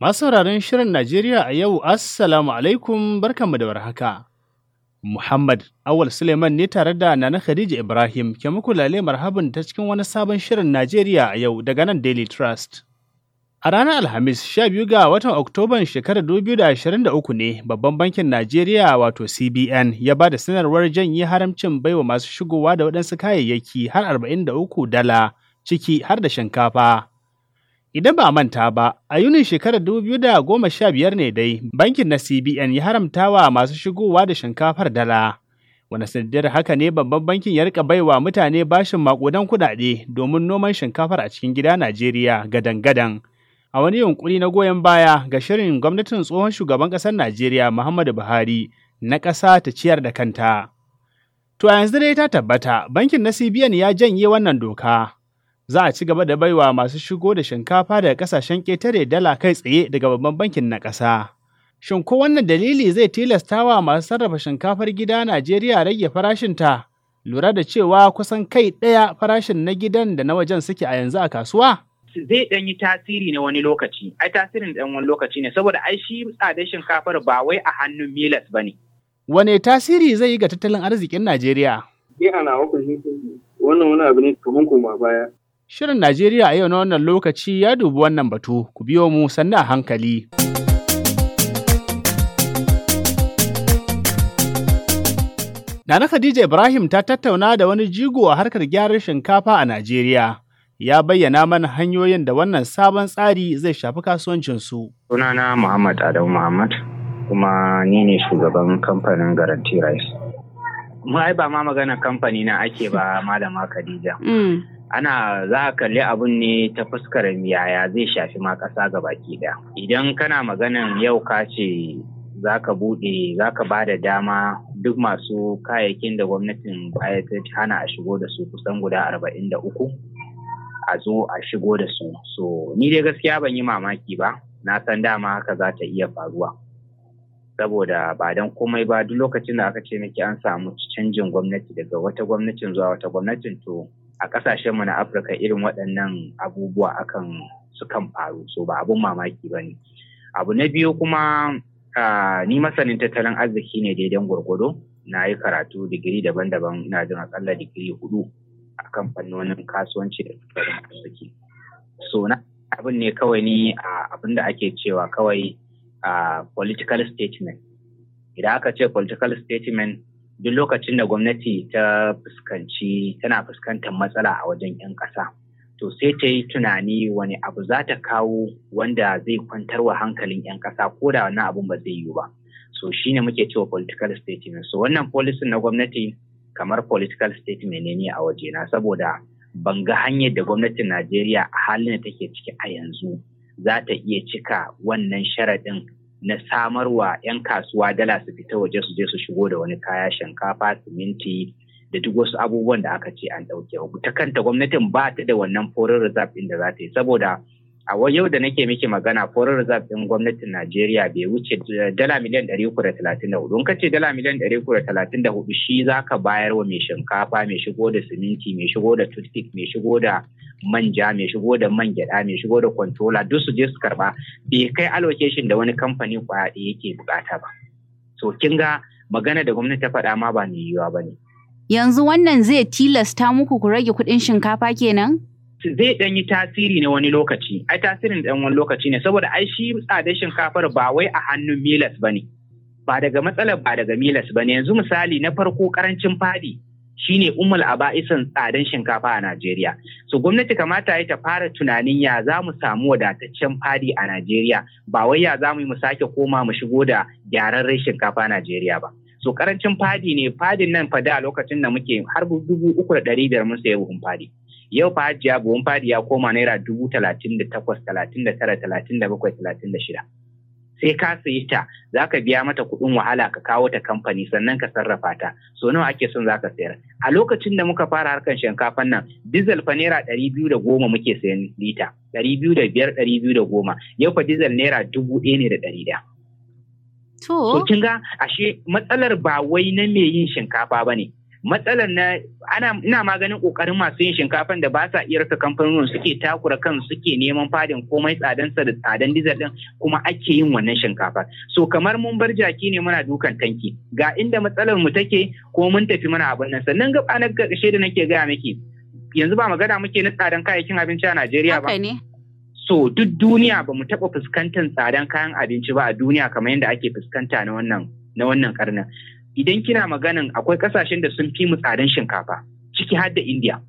Masu Shirin Najeriya a yau, Assalamu alaikum barkanmu da warhaka. Muhammad Awal Suleiman ne tare da Nana Khadija Ibrahim ke muku lale marhabin ta cikin wani sabon Shirin Najeriya a yau daga nan Daily Trust. A ranar Alhamis, sha biyu ga watan Oktoban shekarar 2023 ne Babban Bankin Najeriya wato CBN ya ba da sanarwar janye haramcin baiwa masu shigowa da waɗansu kayayyaki har 43 dala ciki har da shinkafa. Idan ba manta ba, a Yunin shekarar 2015 ne dai bankin na CBN ya haramta wa masu shigowa da shinkafar dala. Wani sanadiyar haka ne babban bankin ya rika baiwa mutane bashin makudan kuɗaɗe domin noman shinkafar a cikin gida Najeriya gadan-gadan. A wani yunkuri na goyon baya ga shirin gwamnatin tsohon shugaban ƙasar Najeriya Muhammadu Buhari na ƙasa ta ciyar da kanta. To a yanzu dai ta tabbata bankin na CBN ya janye wannan doka za a ci gaba da baiwa masu shigo da shinkafa daga kasashen ƙetare dala kai tsaye daga babban bankin na ƙasa. Shin ko wannan dalili zai tilastawa masu sarrafa shinkafar gida Najeriya rage farashinta? Lura da cewa kusan kai ɗaya farashin na gidan da na wajen suke a yanzu a kasuwa? Zai ɗan yi tasiri na wani lokaci, ai tasirin ɗan wani lokaci ne, saboda ai shi tsadar shinkafar ba wai a hannun milas ba ne. Wane tasiri zai yi ga tattalin arzikin Najeriya? na hukunci wannan wani abu ne kamar koma baya. Shirin Najeriya a yau na wannan lokaci ya dubi wannan batu, ku biyo mu sannu a hankali. Nana Khadija Ibrahim ta tattauna da wani jigo a harkar gyaran shinkafa a Najeriya. Ya bayyana mana hanyoyin da wannan sabon tsari zai shafi kasuwancinsu. Sunana Muhammad Adamu Muhammad, kuma ni ne shugaban kamfanin Guarantee Rice. Mu ba ma magana kamfani na ake ba Malama Khadija. Mm. ana za a kalli abun ne ta fuskar yaya zai shafi ma ƙasa baki ɗaya idan kana maganan yau ka ce za ka buɗe za ka ba da dama duk masu kayayyakin da gwamnatin baya ta hana a shigo da su kusan guda arba'in da uku a zo a shigo da su so ni dai gaskiya ban yi mamaki ba na san dama haka za ta iya faruwa saboda ba dan komai ba duk lokacin da aka ce miki an samu canjin gwamnati daga wata gwamnatin zuwa wata gwamnatin to a ƙasashenmu na afirka irin waɗannan abubuwa akan sukan faru so ba abun mamaki ba ne abu na biyu kuma ni masanin tattalin arziki ne daidan gwargwado na yi karatu digiri daban-daban ina jin akalla digiri hudu a kan fannonin kasuwanci da tattalin arziki so na abin ne kawai ni abin da ake cewa kawai political statement idan aka ce political statement duk lokacin da gwamnati ta fuskanci tana fuskantar matsala a wajen 'yan ƙasa to sai ta yi tunani wani abu za ta kawo wanda zai kwantar wa hankalin 'yan ƙasa ko da wannan abun ba zai yiwu ba so shi ne muke cewa political statement so wannan policy na gwamnati kamar political statement ne ne a na. saboda ban ga hanyar da gwamnatin najeriya a halin da take ciki a yanzu za ta iya cika wannan sharaɗin na samarwa 'yan kasuwa dala su fita waje su je su shigo da wani kaya shinkafa siminti da duk wasu abubuwan da aka ce an ɗauke ta kanta gwamnatin ba ta da wannan foreign reserve ɗin da za ta yi saboda a yau da nake miki magana foreign reserve gwamnatin Najeriya bai wuce dala miliyan hudu. in ka ce dala miliyan hudu shi za ka bayar wa mai shinkafa mai shigo da siminti mai shigo da toothpick mai shigo da manja mai shigo da man gyada mai shigo da controller duk su je su karba bai kai allocation da wani kamfani kwaya yake bukata ba so kin ga magana da gwamnati ta faɗa ma ba mai yiwuwa bane yanzu wannan zai tilasta muku ku rage kuɗin shinkafa kenan zai dan yi tasiri na wani lokaci ai tasirin dan wani lokaci ne saboda ai shi tsadar shinkafar ba wai a hannun milas bane ba daga matsalar ba daga milas bane yanzu misali na farko karancin fadi shine ummul aba'isan tsadar shinkafa a Najeriya. So gwamnati kamata yi ta fara tunanin ya za mu samu wadataccen fadi a Najeriya ba wai ya za mu yi mu sake koma mu shigo da gyararren shinkafa a Najeriya ba. So karancin fadi ne fadin nan fada a lokacin da muke har dubu uku da ɗari biyar mun sayi buhun fadi. yau fa hajiya buhun fadi ya koma naira dubu talatin da takwas talatin da tara talatin da bakwai talatin da shida sai ka sayi ta za ka biya mata kuɗin wahala ka kawo ta kamfani sannan ka sarrafa ta so nawa ake son za ka sayar a lokacin da muka fara harkar shinkafan nan dizal fa naira ɗari biyu da goma muke sayan lita ɗari biyu da biyar ɗari biyu da goma yau fa dizal naira dubu ɗaya ne da ɗari ɗaya To. ga ashe matsalar ba wai na me yin shinkafa ba ne. matsalar na ana ina maganin kokarin masu yin shinkafan da ba sa iya rasa kamfanonin suke takura kan suke neman fadin komai tsadan sa da tsadan dizal din kuma ake yin wannan shinkafa so kamar mun bar jaki ne muna dukan tanki ga inda matsalar mu take ko mun tafi muna abin nan sannan gaba na karshe da nake gaya miki yanzu ba magana muke na tsadan kayayyakin abinci a Najeriya ba so duk duniya ba mu taɓa fuskantar tsadan kayan abinci ba a duniya kamar yadda ake fuskanta na wannan na wannan karnin idan kina maganan akwai kasashen da sun fi mu tsadan shinkafa ciki har da India.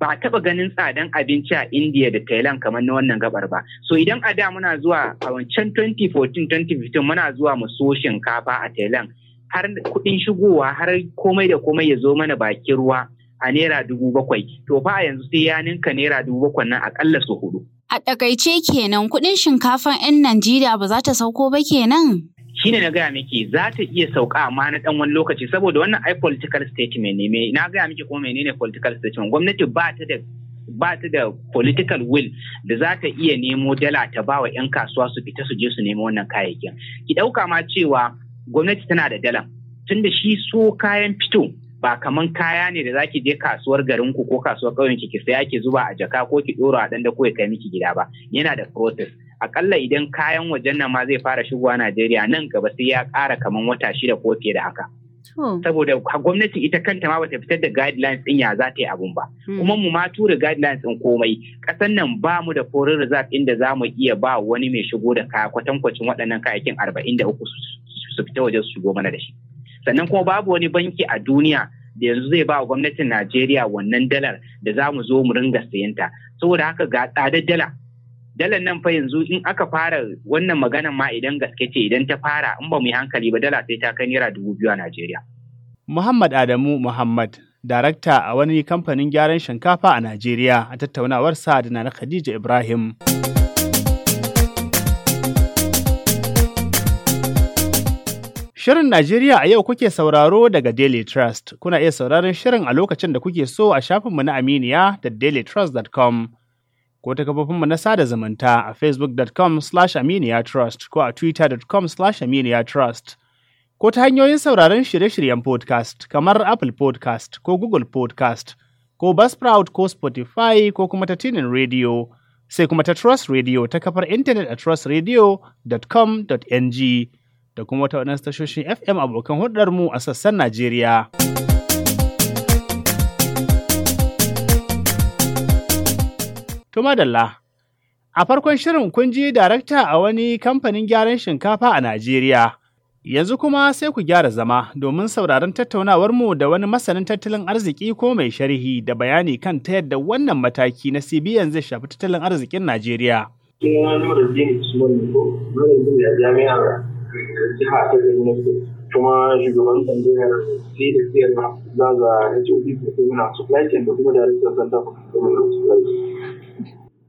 Ba a taɓa ganin tsadan abinci a India da Thailand kamar na wannan gabar ba. So idan a da muna zuwa a wancan 2014-2015 muna zuwa mu so shinkafa a Thailand har kuɗin shigowa har komai da komai ya zo mana bakin ruwa a naira dubu bakwai to fa a yanzu sai ya ninka naira dubu bakwai nan akalla su hudu. A takaice kenan kuɗin shinkafan 'yan Najeriya ba za ta sauko ba kenan? shine na gaya miki za ta iya sauka amma na dan wani lokaci saboda wannan ai political statement ne me na gaya miki kuma menene political statement gwamnati ba ta da ba ta da political will da za ta iya nemo dala ta ba wa 'yan kasuwa su fita su je su nemo wannan kayayyakin ki dauka ma cewa gwamnati tana da dala tunda shi so kayan fito ba kaman kaya ne da zaki je kasuwar garin ku ko kasuwar ƙauyen ki ki saya ki zuba a jaka ko ki dora a dan ko ya kai miki gida ba yana da process akalla idan kayan wajen nan ma zai fara shigowa Najeriya nan gaba sai ya ƙara kaman wata shida ko fiye da haka. Saboda gwamnati ita kanta ma bata fitar da guidelines din ya za ta yi abun ba. Hmm. Kuma mu ma tura guidelines din komai. Kasan nan ba mu da foreign reserve inda za mu iya ba wani mai shigo da kaya kwatankwacin waɗannan kayayyakin arba'in da uku su fita waje su shigo mana da shi. Sannan kuma babu wani banki a duniya da yanzu zai ba gwamnatin Najeriya wannan dalar da za mu zo mu ringa sayanta. Saboda haka ga tsadar dala dalar nan fa yanzu in aka fara wannan maganan ma idan gaske ce idan ta fara in ba mu yi hankali ba dala sai ta kai naira dubu biyu a Najeriya. Muhammad Adamu Muhammad, darakta a wani kamfanin gyaran shinkafa a Najeriya a tattaunawar sa da Nana Khadija Ibrahim. Shirin Najeriya a yau kuke sauraro daga Daily Trust. Kuna iya sauraron shirin a lokacin da kuke so a shafinmu na Aminiya da dailytrust.com. ko ta kafofinmu na sada zumunta a facebook.com slash aminiyatrust ko a twitter.com slash aminiyatrust ko ta hanyoyin sauraron shirye-shiryen podcast kamar Apple podcast ko Google podcast ko Buzzsprout ko Spotify ko kuma ta Tunin Radio sai kuma ta Trust Radio ta kafar intanet a trustradio.com.ng da kuma ta waɗansu tashoshin FM abokan hudarmu a sassan Najeriya. To madalla, a farkon shirin kun ji darakta a wani kamfanin gyaran shinkafa a Najeriya. Yanzu kuma sai ku gyara zama domin sauraron tattaunawarmu da wani masanin tattalin arziki ko mai sharhi da bayani kan ta yadda wannan mataki na CBN zai shafi tattalin arzikin Najeriya. kuma shugaban tambayar sai da siyarwa za za HOD kuma na supply chain da kuma darakta zanta kuma na supply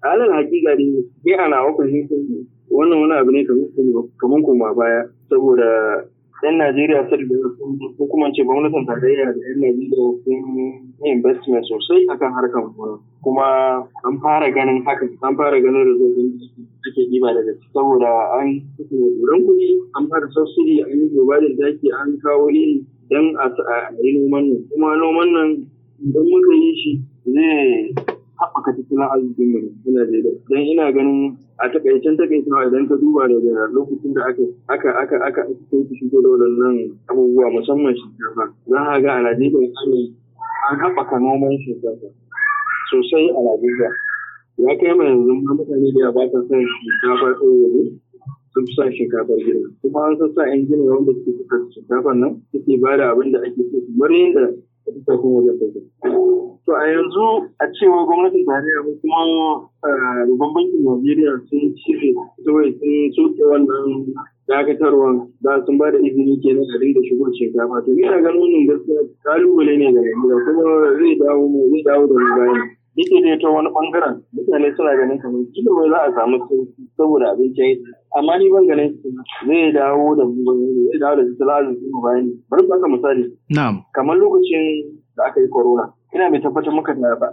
halin hakika ne ne a wakon fahimtar wannan wani abu ne kamar kuma baya saboda yan Najeriya sun da hukumance, ce gwamnatin tarayya da yan Najeriya sun yi investment sosai akan harkar gona kuma an fara ganin haka an fara ganin rizobin ake ɗiba daga saboda an ran kuɗi an fara sassuri an yi da daki an kawo iri don a yi noman nan kuma noman nan idan muka yi shi zai haɓaka tattalin arzikin mu na daidai. don ina ganin a takaicen a idan ka duba daga lokacin da aka aka aka aka soki shigo da waɗannan abubuwa musamman shinkafa za a ga a Najeriya an haɓaka noman shinkafa sosai a Najeriya ya kai ma yanzu ma mutane da ba ta son shinkafa ɗaya sun fi son shinkafar gida kuma an sassa sa 'yan gina wanda suke fitar shinkafar nan suke ba da abin da ake so kamar yadda To a yanzu a cewa gwamnatin tarayya ko kuma rubban eh, bankin Najeriya sun cire kawai sun soke wannan dakatarwan da sun ba da izini kenan a da shigo shekara to ina ganin gaskiya kalubale ne ga da kuma zai dawo zai dawo da mu bayan. yake dai ta wani bangaren mutane suna ganin kamar kila wai za a samu sauki saboda abincin amma ni ban ganin zai dawo da zai dawo da tattalin arzikin ba bayani bari ka misali na'am kamar lokacin da aka yi corona ina mai tabbatar muka da ba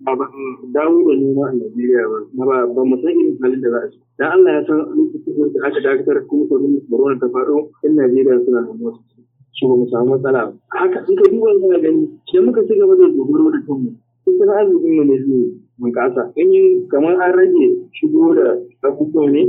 ba dawo da noma a Najeriya ba ba ba mu san irin halin da za a ci dan Allah ya san lokacin da aka dakatar kuma corona ta faɗo in Najeriya suna motsi su ba mu samu matsala haka in ka duba za gani idan muka ci gaba da dogaro da kanmu kusan arzikin mu ne su bunƙasa in yi kamar an rage shigo da abubuwa ne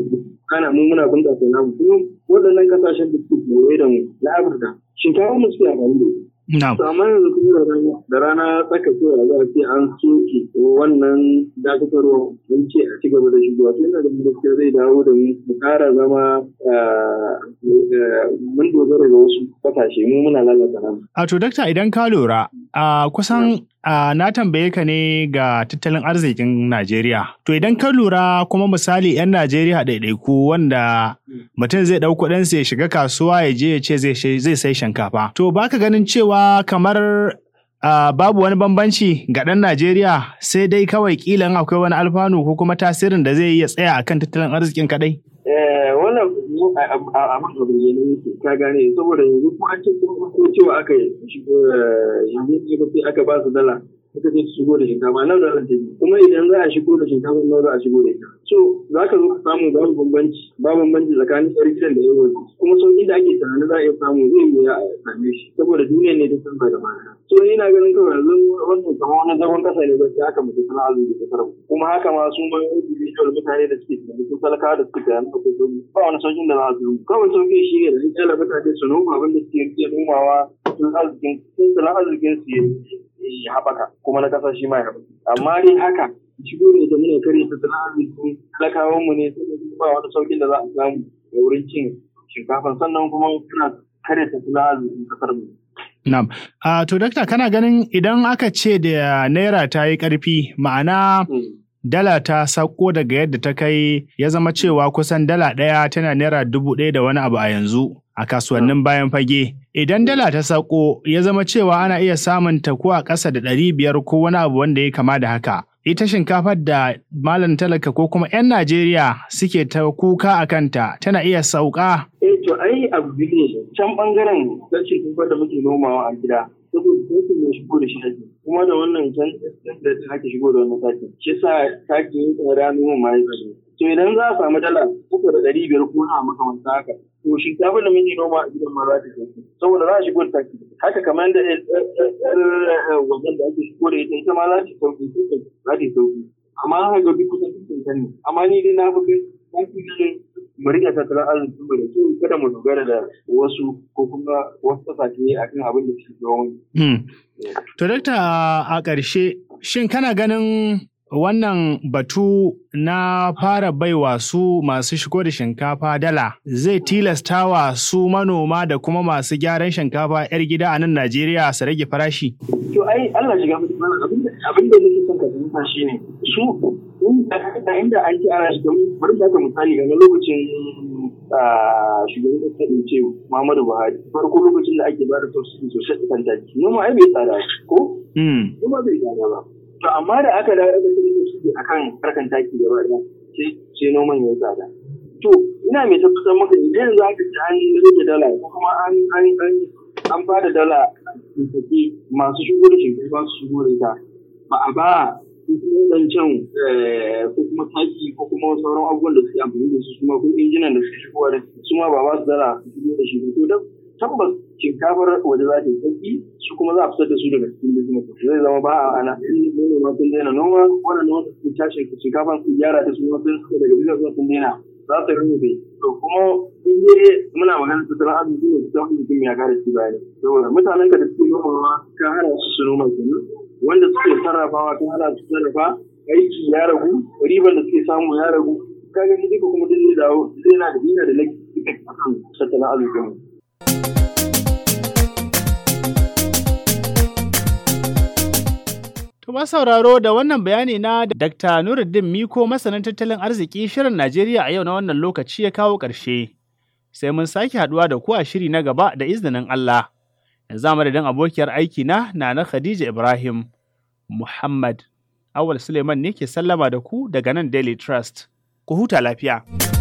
ana mun muna sai namu kuma waɗannan kasashen da suke goye da mu na afirka shinkafa mu suke a da Saman yanzu kuma da rana tsaka ko ya za ce an soke wannan dakatarwa mun ce a ci gaba da shigowa to tun da gaskiya zai dawo da mu mu kara zama eh, eh, mun dogara da wasu kasashe mu muna lalata nan. A to dakta idan ka lura Uh, kusan uh, na tambaye ka ne ga tattalin arzikin Najeriya. To idan ka lura kuma misali 'yan Najeriya ɗaiɗaiku wanda mutum zai ɗau kuɗinsa ya shiga kasuwa ya je ya ce zai sai shinkafa. To ba ka ganin cewa kamar Uh, babu wani bambanci ga ɗan Najeriya sai dai kawai kilan akwai wani alfanu ko kuma tasirin da zai iya tsaya akan tattalin arzikin kaɗai? abin a bayyane yake ka gane saboda yanzu ko an ce ko cewa aka yi eh, yanzu sai aka ba su dala suka ce shigo da shinkafa nan da zan kuma idan za a shigo da shinkafa nan za a shigo da ita so za ka zo ka samu babu bambanci ba bambanci tsakanin yar gidan da yawan kuma sauƙin da ake tunanin za a iya samu zai yi a same shi saboda duniya ne ta san da mana so ni na ganin kawai yanzu wannan kamar wani zagon ƙasa ne ba sai haka mutum suna azumi da kasar kuma haka ma su ma individual mutane da suke tunani sun talaka da suke tunani da kuma ba wani saukin da za a samu kawai sauƙin shi ne da ya mutane su noma abin da suke nomawa sun arzikin sun arzikin su yi ya haɓaka kuma na ƙasa shi ma ya haɓaka amma dai haka shigo ne da muna kare tattalin talakawan mu ne ba wani saukin da za a samu da wurin cin shinkafa sannan kuma suna kare ta arzikin ƙasar mu Na'am. Uh, to, Dokta, kana ganin idan aka ce da Naira ta yi ƙarfi, ma'ana hmm. dala ta sauko daga yadda ta kai ya zama cewa kusan dala ɗaya tana Naira dubu ɗaya da wani abu a yanzu. a kasuwannin bayan fage. Idan dala ta sauko ya zama cewa ana iya samun ta ko a ƙasa da ɗari biyar ko wani abu wanda ya kama da haka. Ita shinkafar da malam talaka ko kuma 'yan Najeriya suke ta kuka a kanta tana iya sauka. E, to ai abu biyu ne can ɓangaren ce shinkafar da muke nomawa a gida. Saboda sai mai shigo da shi ake kuma da wannan can da ake shigo da wannan taki. Shi sa taki yin tsada noma ma to idan za a samu dala uku da ɗari biyar ko a makamanta haka to shinkafa da muke noma a gidan ma za ta kai saboda za a shigo ta haka kamar da eh, eh, eh, wajen da ake shigo da ita ita ma za ta sauki za ta sauki amma haka ga duk kusan cikin kan ne amma ni dai na fi kai mu riƙa tattalin arziki mu da kyau kada mu dogara da wasu ko kuma wasu kasashe akan abin da suke zuwa. Hmm. To, dakta a ƙarshe, shin kana ganin wannan batu na fara baiwa su masu shigo da shinkafa dala zai tilasta wa su manoma da kuma masu gyaran shinkafa 'yar gida a nan Najeriya su rage farashi? To ai Allah shiga abin da nake son ka fahimta shi ne su inda an ci ana shiga bari da misali ga lokacin ah, shugaban da in ce Muhammadu Buhari farko lokacin da ake ba da sosai sosai kan taki noma ai bai tsada ko? Hmm. Noma bai tsada ba. to amma da aka da aka shirya a kan harkan taki gaba ɗaya sai noman ya tsada to ina mai tabbatar maka idan yanzu aka ci an rage dala ko kuma an an an an ba da dala tafi masu shigo da shekaru ba su shigo da ita ba a ba can eh, ko kuma taki ko kuma sauran abubuwan da suke amfani da su kuma ko injinan da suke shigowa da su ma ba ba su dala su shigo da shi to tabbas shinkafar waje za ta yi sauki su kuma za a fitar da su daga cikin business zai zama ba a ana manoma sun daina noma wani wasu sun tashi shinkafar su gyara ta su sun suka daga business sun daina za ta rufe to kuma in dai muna magana tattalin arziki ne ta wani jikin ya kare shi bayani saboda mutanen ka da suke noma ka hana su su noma kenan wanda suke sarrafawa ka hana su sarrafa aiki ya ragu riban da suke samu ya ragu kaga ni duka kuma duk zai dawo zai na da dina da laifi a kan tattalin arzikin mu. ba sauraro da wannan bayani na Dr. Nuruddin Miko masanin tattalin arziki shirin Najeriya a yau na wannan lokaci ya kawo ƙarshe. Sai mun sake haɗuwa da ku a shiri na gaba da izinin Allah. Yanzu madadin abokiyar aiki na Nana Khadija Ibrahim Muhammad Awal Suleiman ne ke sallama da ku daga nan Daily Trust. Ku huta lafiya.